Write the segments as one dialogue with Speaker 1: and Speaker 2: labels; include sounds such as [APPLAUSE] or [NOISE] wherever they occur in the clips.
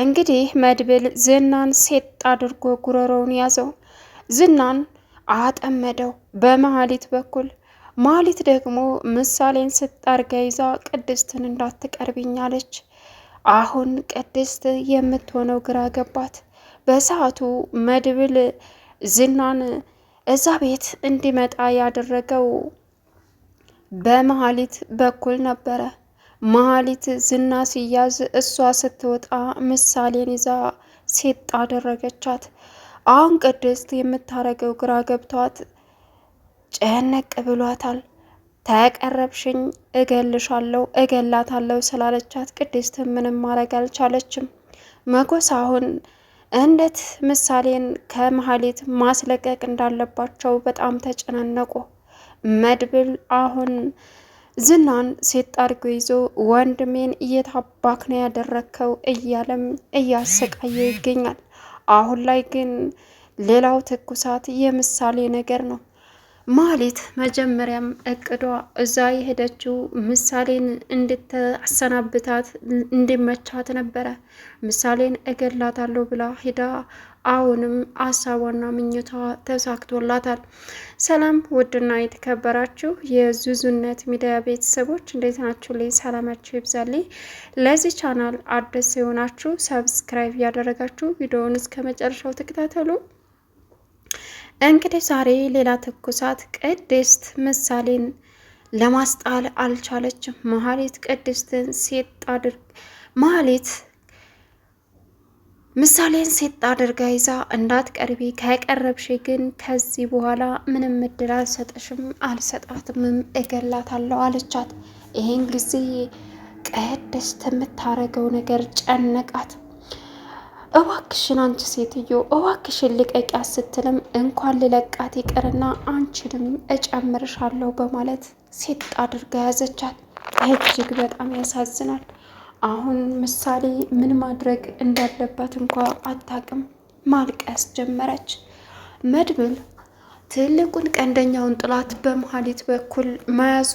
Speaker 1: እንግዲህ መድብል ዝናን ሴት አድርጎ ጉሮሮውን ያዘው። ዝናን አጠመደው በመሀሊት በኩል። መሀሊት ደግሞ ምሳሌን ስታርጋ ይዛ ቅድስትን አለች። አሁን ቅድስት የምትሆነው ግራ ገባት። በሰዓቱ መድብል ዝናን እዛ ቤት እንዲመጣ ያደረገው በመሀሊት በኩል ነበረ። መሀሊት ዝና ሲያዝ እሷ ስትወጣ ምሳሌን ይዛ ሴት አደረገቻት። አሁን ቅድስት የምታረገው ግራ ገብቷት ጨነቅ ብሏታል። ተቀረብሽኝ እገልሻለሁ እገላታለሁ ስላለቻት ቅድስት ምንም ማድረግ አልቻለችም። መጎስ አሁን እንዴት ምሳሌን ከመሀሊት ማስለቀቅ እንዳለባቸው በጣም ተጨናነቁ። መድብል አሁን ዝናን ሴት አድርጎ ይዞ ወንድሜን እየታባክ ነው ያደረግከው እያለም እያሰቃየ ይገኛል። አሁን ላይ ግን ሌላው ትኩሳት የምሳሌ ነገር ነው። ማሌት መጀመሪያም እቅዷ እዛ የሄደችው ምሳሌን እንድታሰናብታት እንዲመቻት ነበረ። ምሳሌን እገላታለሁ ብላ ሂዳ አሁንም አሳቧና ምኞቷ ተሳክቶላታል። ሰላም ውድና የተከበራችሁ የዙዙነት ሚዲያ ቤተሰቦች እንዴት ናችሁ? ላይ ሰላማችሁ ይብዛልኝ። ለዚህ ቻናል አዲስ የሆናችሁ ሰብስክራይብ ያደረጋችሁ ቪዲዮውን እስከ መጨረሻው ተከታተሉ። እንግዲህ ዛሬ ሌላ ትኩሳት ቅድስት ምሳሌን ለማስጣል አልቻለችም። መሀሌት ቅድስትን ሴት አድርግ መሀሌት ምሳሌን ሴት አድርጋ ይዛ እንዳትቀርቢ፣ ከቀረብሽ ግን ከዚህ በኋላ ምንም እድል አልሰጠሽም፣ አልሰጣትምም፣ እገላታለሁ አለቻት። ይህን ጊዜ ቅድስት የምታረገው ነገር ጨነቃት። እባክሽን አንቺ ሴትዮ እባክሽን ልቀቂያት ስትልም እንኳን ልለቃት ይቅርና አንቺንም እጨምርሻለሁ በማለት ሴት አድርጋ ያዘቻት። እጅግ በጣም ያሳዝናል። አሁን ምሳሌ ምን ማድረግ እንዳለባት እንኳ አታቅም። ማልቀስ ጀመረች። መድብል ትልቁን ቀንደኛውን ጥላት በመሀሊት በኩል መያዙ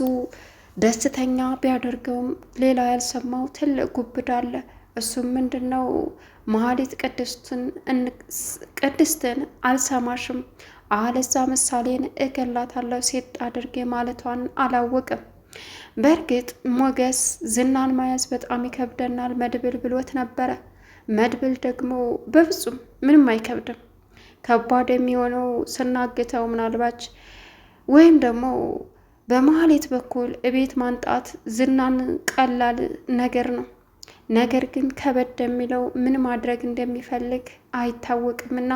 Speaker 1: ደስተኛ ቢያደርገውም ሌላ ያልሰማው ትልቅ ጉብድ አለ። እሱም ምንድን ነው? መሀሌት ቅድስትን አልሰማሽም፣ አለዛ ምሳሌን እገላታለሁ ሴት አድርጌ ማለቷን አላወቅም። በእርግጥ ሞገስ ዝናን መያዝ በጣም ይከብደናል መድብል ብሎት ነበረ። መድብል ደግሞ በፍጹም ምንም አይከብድም፣ ከባድ የሚሆነው ስናግተው ምናልባች ወይም ደግሞ በመሀሌት በኩል እቤት ማንጣት ዝናን ቀላል ነገር ነው ነገር ግን ከበድ የሚለው ምን ማድረግ እንደሚፈልግ አይታወቅምና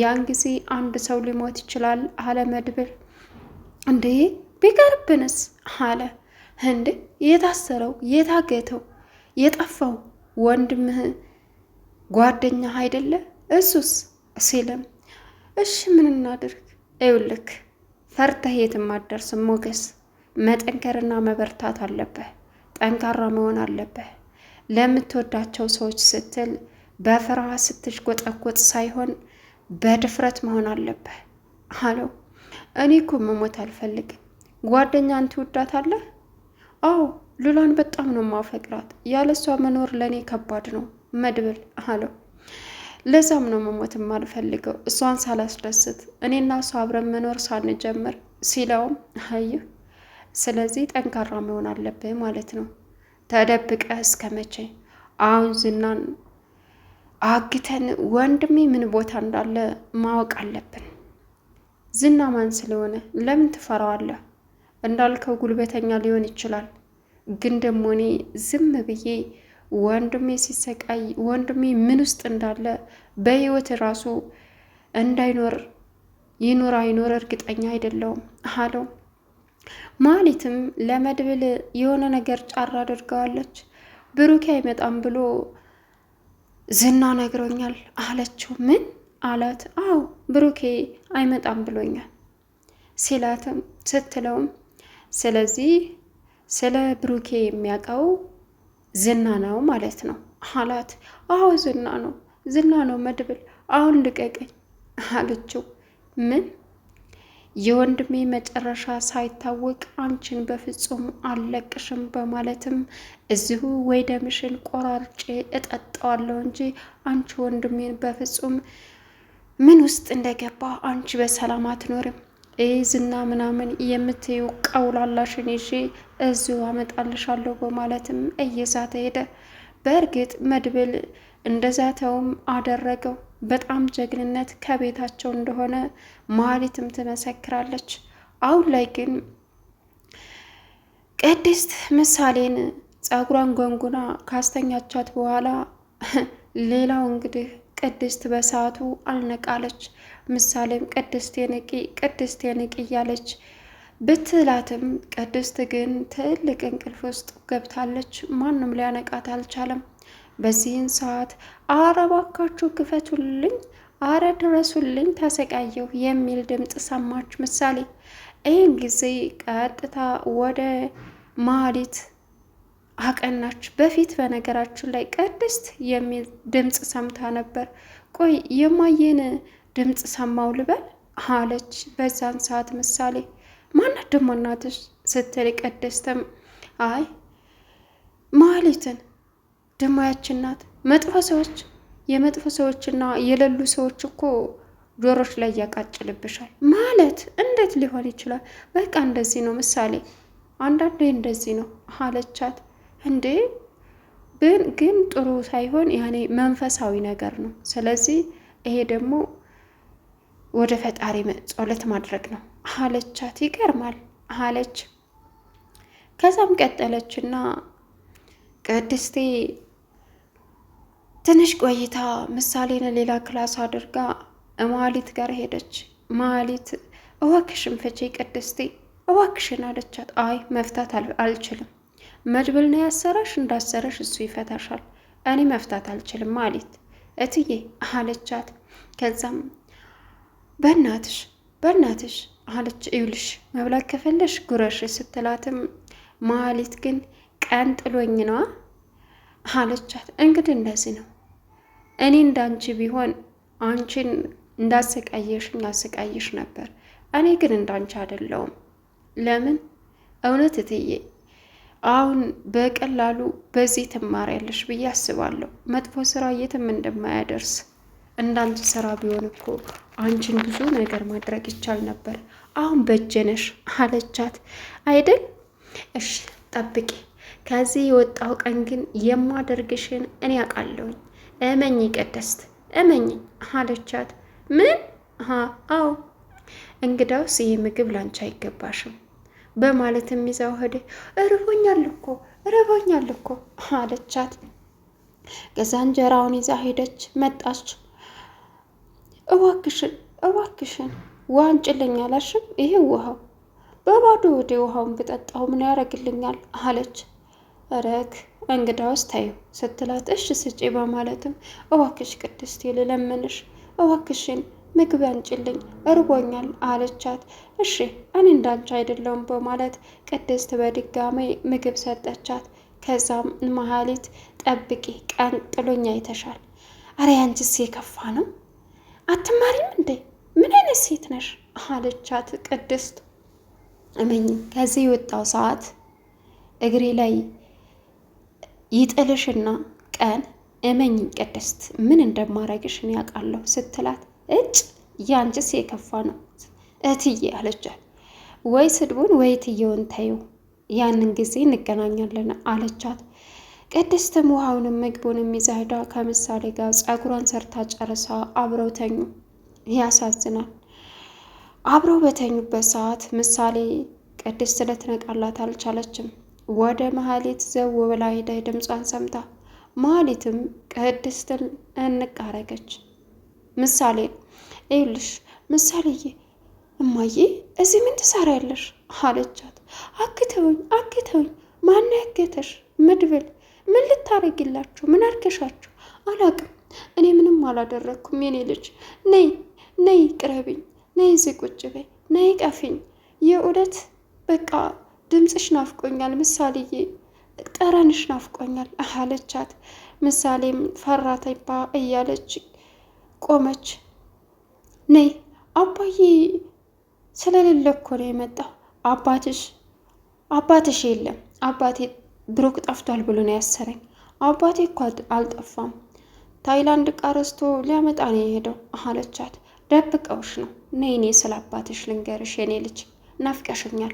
Speaker 1: ያን ጊዜ አንድ ሰው ሊሞት ይችላል አለ መድብል። እንዴ ቢቀርብንስ አለ። እንዴ የታሰረው የታገተው የጠፋው ወንድምህ ጓደኛ አይደለ እሱስ ሲልም፣ እሺ ምን እናድርግ? ይውልክ ፈርተህ የትም አትደርስም ሞገስ። መጠንከርና መበርታት አለብህ። ጠንካራ መሆን አለብህ። ለምትወዳቸው ሰዎች ስትል በፍርሃ ስትሽጎጠጎጥ ሳይሆን በድፍረት መሆን አለብህ አለው። እኔ እኮ መሞት አልፈልግም። ጓደኛን ትወዳታለህ? አዎ፣ ሉላን በጣም ነው ማፈቅራት። ያለሷ መኖር ለእኔ ከባድ ነው መድብል አለው። ለዛም ነው መሞት የማልፈልገው እሷን ሳላስደስት እኔና እሷ አብረን መኖር ሳንጀምር ሲለውም አየህ፣ ስለዚህ ጠንካራ መሆን አለብህ ማለት ነው ተደብቀ እስከ መቼ? አሁን ዝናን አግተን ወንድሜ ምን ቦታ እንዳለ ማወቅ አለብን። ዝና ማን ስለሆነ ለምን ትፈራዋለህ? እንዳልከው ጉልበተኛ ሊሆን ይችላል፣ ግን ደግሞ እኔ ዝም ብዬ ወንድሜ ሲሰቃይ ወንድሜ ምን ውስጥ እንዳለ በህይወት ራሱ እንዳይኖር ይኖር አይኖር እርግጠኛ አይደለውም አለው። ማለትም ለመድብል የሆነ ነገር ጫራ አድርገዋለች። ብሩኬ አይመጣም ብሎ ዝና ነግሮኛል አለችው። ምን አላት? አዎ ብሩኬ አይመጣም ብሎኛል ሲላትም ስትለውም፣ ስለዚህ ስለ ብሩኬ የሚያውቀው ዝና ነው ማለት ነው አላት። አዎ ዝና ነው ዝና ነው መድብል፣ አሁን ልቀቀኝ አለችው። ምን የወንድሜ መጨረሻ ሳይታወቅ አንቺን በፍጹም አልለቅሽም በማለትም እዚሁ ወይ ደምሽን ቆራርጬ እጠጣዋለሁ እንጂ አንቺ ወንድሜን በፍጹም ምን ውስጥ እንደገባ አንቺ በሰላም አትኖርም። ይህ ዝና ምናምን የምትዩ ቀውላላሽን ይዤ እዚሁ አመጣልሻለሁ በማለትም እየዛተ ሄደ። በእርግጥ መድብል እንደዛተውም አደረገው። በጣም ጀግንነት ከቤታቸው እንደሆነ ማሊትም ትመሰክራለች። አሁን ላይ ግን ቅድስት ምሳሌን ጸጉሯን ጎንጉና ካስተኛቻት በኋላ ሌላው እንግዲህ ቅድስት በሰዓቱ አልነቃለች። ምሳሌም ቅድስት የንቂ ቅድስት የንቂ እያለች ብትላትም ቅድስት ግን ትልቅ እንቅልፍ ውስጥ ገብታለች። ማንም ሊያነቃት አልቻለም። በዚህን ሰዓት አረ ባካችሁ ክፈቱልኝ፣ አረ ድረሱልኝ፣ ተሰቃየሁ የሚል ድምፅ ሰማች ምሳሌ። ይህን ጊዜ ቀጥታ ወደ ማህሌት አቀናች። በፊት በነገራችን ላይ ቅድስት የሚል ድምፅ ሰምታ ነበር። ቆይ የማየን ድምፅ ሰማው ልበል አለች። በዛን ሰዓት ምሳሌ ማናት ደሞ እናትሽ ስትል ቅድስትም አይ ማህሌትን ደማያችን ናት። መጥፎ ሰዎች የመጥፎ ሰዎችና የሌሉ ሰዎች እኮ ጆሮች ላይ ያቃጭልብሻል ማለት እንዴት ሊሆን ይችላል? በቃ እንደዚህ ነው ምሳሌ፣ አንዳንዴ እንደዚህ ነው አለቻት። እንዴ ግን ጥሩ ሳይሆን ያኔ መንፈሳዊ ነገር ነው። ስለዚህ ይሄ ደግሞ ወደ ፈጣሪ ጸሎት ማድረግ ነው አለቻት። ይገርማል አለች። ከዛም ቀጠለችና ቅድስቴ ትንሽ ቆይታ ምሳሌን ሌላ ክላስ አድርጋ ማሊት ጋር ሄደች። ማሊት እዋክሽን ፍቺ ቅድስቴ እዋክሽን አለቻት። አይ መፍታት አልችልም መድብል ነው ያሰረሽ፣ እንዳሰረሽ እሱ ይፈታሻል። እኔ መፍታት አልችልም ማሊት እትዬ አለቻት። ከዛም በእናትሽ በእናትሽ አለች። ይውልሽ መብላት ከፈለሽ ጉረሽ ስትላትም ማሊት ግን ቀን ጥሎኝ ነዋ አለቻት። እንግዲህ እንደዚህ ነው እኔ እንዳንቺ ቢሆን አንቺን እንዳሰቃየሽኝ አሰቃይሽ ነበር። እኔ ግን እንዳንቺ አይደለውም። ለምን? እውነት እትዬ አሁን በቀላሉ በዚህ ትማሪያለሽ ብዬ አስባለሁ። መጥፎ ስራ የትም እንደማያደርስ እንዳንቺ ስራ ቢሆን እኮ አንቺን ብዙ ነገር ማድረግ ይቻል ነበር። አሁን በጀነሽ አለቻት። አይደል? እሽ ጠብቂ። ከዚህ የወጣው ቀን ግን የማደርግሽን እኔ አውቃለሁኝ። እመኝ ቅድስት እመኝ አለቻት። ምን? አዎ እንግዳውስ ይህ ምግብ ላንቺ አይገባሽም በማለት ይዛው ሄደ። እርቦኛል እኮ እርቦኛል እኮ አለቻት። ከዛ እንጀራውን ይዛ ሄደች። መጣች። እዋክሽን እዋክሽን ውሃ አንጭልኝ አላሽም? ይሄ ውሃው በባዶ ወደ ውሃውን ብጠጣው ምን ያደርግልኛል? አለች ረክ ውስጥ ታዩ ስትላት እሽ ስጪ በማለትም እዋክሽ ቅድስት ልለምንሽ እዋክሽን ምግብ አንጭልኝ እርቦኛል አለቻት። እሺ እኔ እንዳንቺ አይደለውም በማለት ቅድስት በድጋሚ ምግብ ሰጠቻት። ከዛም መሀሊት ጠብቂ ቀን ጥሎኛ ይተሻል። አረ ያንቺስ የከፋ ነው አትማሪም እንዴ ምን አይነት ሴት ነሽ አለቻት ቅድስት እመኝ ከዚህ የወጣው ሰዓት እግሬ ላይ ይጥልሽና ቀን እመኝ ቅድስት ምን እንደማረግሽ እኔ ያውቃለሁ ስትላት እጭ ያንቺስ የከፋ ነው እትዬ አለቻት። ወይ ስድቡን ወይ እትዬውን ተዩ ያንን ጊዜ እንገናኛለን አለቻት። ቅድስትም ውሃውንም ምግቡንም ይዛህዳ ከምሳሌ ጋር ፀጉሯን ሰርታ ጨርሳ አብረው ተኙ። ያሳዝናል። አብረው በተኙበት ሰዓት ምሳሌ ቅድስት ልትነቃላት አልቻለችም። ወደ መሀሌት ዘው ብላ ሄዳ ድምጿን ሰምታ መሀሌትም ቅድስትን እንቃረገች ምሳሌ ይኸውልሽ ምሳሌዬ እማዬ እዚህ ምን ትሰሪያለሽ አለቻት አግተውኝ አግተውኝ ማን ያገተሽ መድብል ምን ልታረጊላችሁ ምን አርገሻችሁ አላቅም እኔ ምንም አላደረግኩም የኔ ልጅ ነይ ነይ ቅረብኝ ነይ እዚህ ቁጭ በይ ነይ ቀፊኝ የእውነት በቃ ድምፅሽ ናፍቆኛል ምሳሌዬ፣ ጠረንሽ ናፍቆኛል አለቻት። ምሳሌም ፈራተባ እያለች ቆመች። ነይ አባዬ ስለሌለ እኮ ነው የመጣው። አባትሽ አባትሽ የለም አባቴ ብሩክ ጠፍቷል ብሎ ነው ያሰረኝ። አባቴ እኮ አልጠፋም ታይላንድ ቃረስቶ ሊያመጣ ነው የሄደው አለቻት። ደብቀውሽ ነው ነይ እኔ ስለ አባትሽ ልንገርሽ የኔ ልጅ ናፍቀሽኛል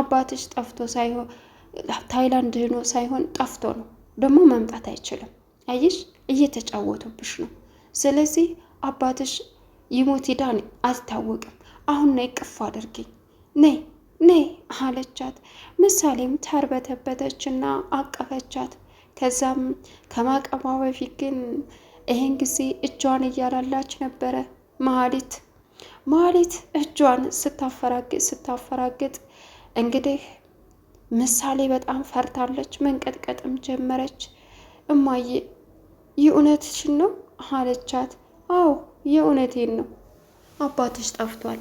Speaker 1: አባትሽ ጠፍቶ ሳይሆን ታይላንድ ሄዶ ሳይሆን ጠፍቶ ነው። ደግሞ መምጣት አይችልም። አየሽ እየተጫወቱብሽ ነው። ስለዚህ አባትሽ ይሞት ይዳን አልታወቅም። አሁን ነይ ቅፍ አድርገኝ ነይ ነይ አለቻት። ምሳሌም ተርበተበተችና አቀፈቻት። ከዛም ከማቀፏ በፊት ግን ይሄን ጊዜ እጇን እያላላች ነበረ መሀሊት ማህሌት እጇን ስታፈራግጥ ስታፈራግጥ እንግዲህ ምሳሌ በጣም ፈርታለች፣ መንቀጥቀጥም ጀመረች። እማዬ የእውነትሽን ነው አለቻት። አዎ የእውነቴን ነው። አባትሽ ጠፍቷል፣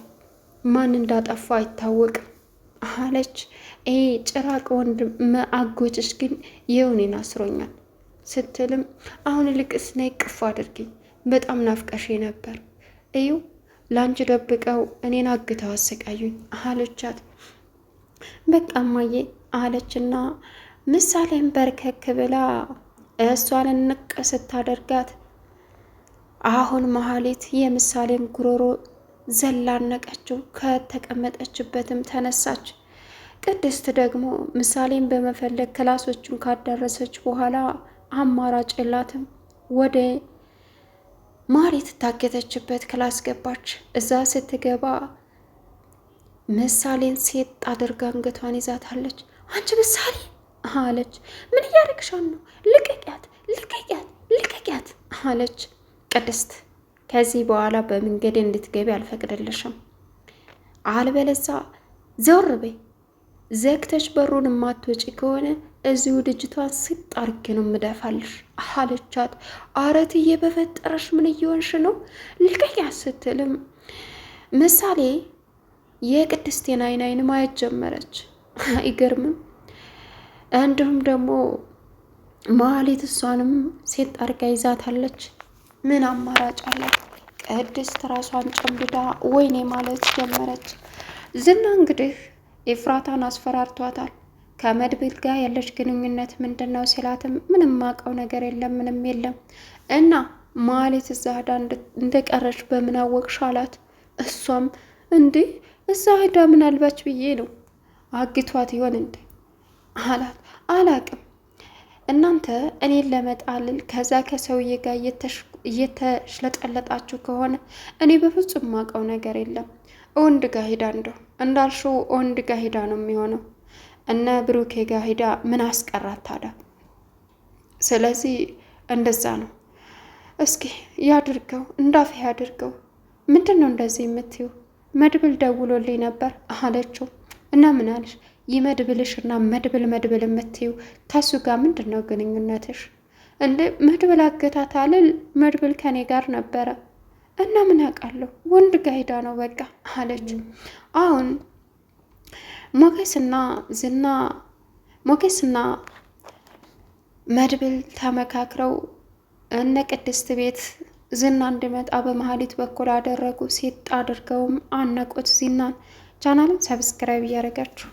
Speaker 1: ማን እንዳጠፋ አይታወቅም አለች። ይሄ ጭራቅ ወንድም አጎትሽ ግን የእውኔን አስሮኛል ስትልም አሁን ልቅስ ነይ ቅፍ አድርጊኝ፣ በጣም ናፍቀሽ ነበር። እዩ ላንቺ ደብቀው እኔን አግተው አሰቃዩኝ አለቻት። በቃ እማዬ አለችና ምሳሌን በርከክ ብላ እሷን ንቅ ስታደርጋት አሁን መሀሊት የምሳሌን ጉሮሮ ዘላነቀችው። ከተቀመጠችበትም ተነሳች። ቅድስት ደግሞ ምሳሌን በመፈለግ ክላሶቹን ካዳረሰች በኋላ አማራጭ የላትም። ወደ ማሪ ትታገተችበት ክላስ ገባች። እዛ ስትገባ ምሳሌን ሴት አድርጋ አንገቷን ይዛታለች። አንቺ ምሳሌ አለች። ምን እያደረግሻን ነው? ልቀቂያት፣ ልቀቂያት፣ ልቀቂያት አለች። ቅድስት ከዚህ በኋላ በመንገዴ እንድትገቢ አልፈቅድልሽም፣ አልበለዛ ዘወር በይ። ዘግተሽ በሩን የማትወጪ ከሆነ እዚሁ ልጅቷን ስጥ አርጌ ነው የምደፋልሽ አለቻት። አረትዬ በፈጠረሽ ምን እየሆንሽ ነው? ልቀቂያት ስትልም ምሳሌ የቅድስቴን አይን አይን ማየት ጀመረች። [LAUGHS] አይገርምም? እንዲሁም ደግሞ መሀሌት እሷንም ሴት አድርጋ ይዛታለች። ምን አማራጭ አለ? ቅድስት ራሷን ጨምድዳ ወይኔ ማለት ጀመረች። ዝና እንግዲህ ኤፍራታን አስፈራርቷታል። ከመድብል ጋር ያለች ግንኙነት ምንድን ነው ሲላትም ምንም ማቀው ነገር የለም ምንም የለም እና መሀሌት እዛ ሄዳ እንደቀረች በምን አወቅሽ አላት። እሷም እንዲህ እዛ ሂዳ ምን አልባች ብዬ ነው አግቷት ይሆን እንደ አላት አላቅም። እናንተ እኔን ለመጣልል ከዛ ከሰውዬ ጋር እየተሽለጠለጣችሁ ከሆነ እኔ በፍጹም ማውቀው ነገር የለም። ወንድ ጋ ሂዳ እንደው እንዳልሽው ወንድ ጋ ሂዳ ነው የሚሆነው። እነ ብሩኬ ጋ ሂዳ ምን አስቀራት ታዲያ? ስለዚህ እንደዛ ነው። እስኪ ያድርገው፣ እንዳፍ ያድርገው። ምንድን ነው እንደዚህ የምትይው? መድብል ደውሎልኝ ነበር አለችው። እና ምን አለሽ? ይህ መድብልሽ እና መድብል መድብል የምትዩ ከሱ ጋር ምንድን ነው ግንኙነትሽ? እንደ መድብል አገታት አለ። መድብል ከኔ ጋር ነበረ እና ምን አውቃለሁ፣ ወንድ ጋይዳ ነው በቃ አለች። አሁን ሞገስና ዝና ሞገስና መድብል ተመካክረው እነ ቅድስት ቤት ዝና እንዲመጣ በመሀሊት በኩል አደረጉ። ሴት አድርገውም አነቆች ዚናን። ቻናልን ሰብስክራይብ እያደረጋችሁ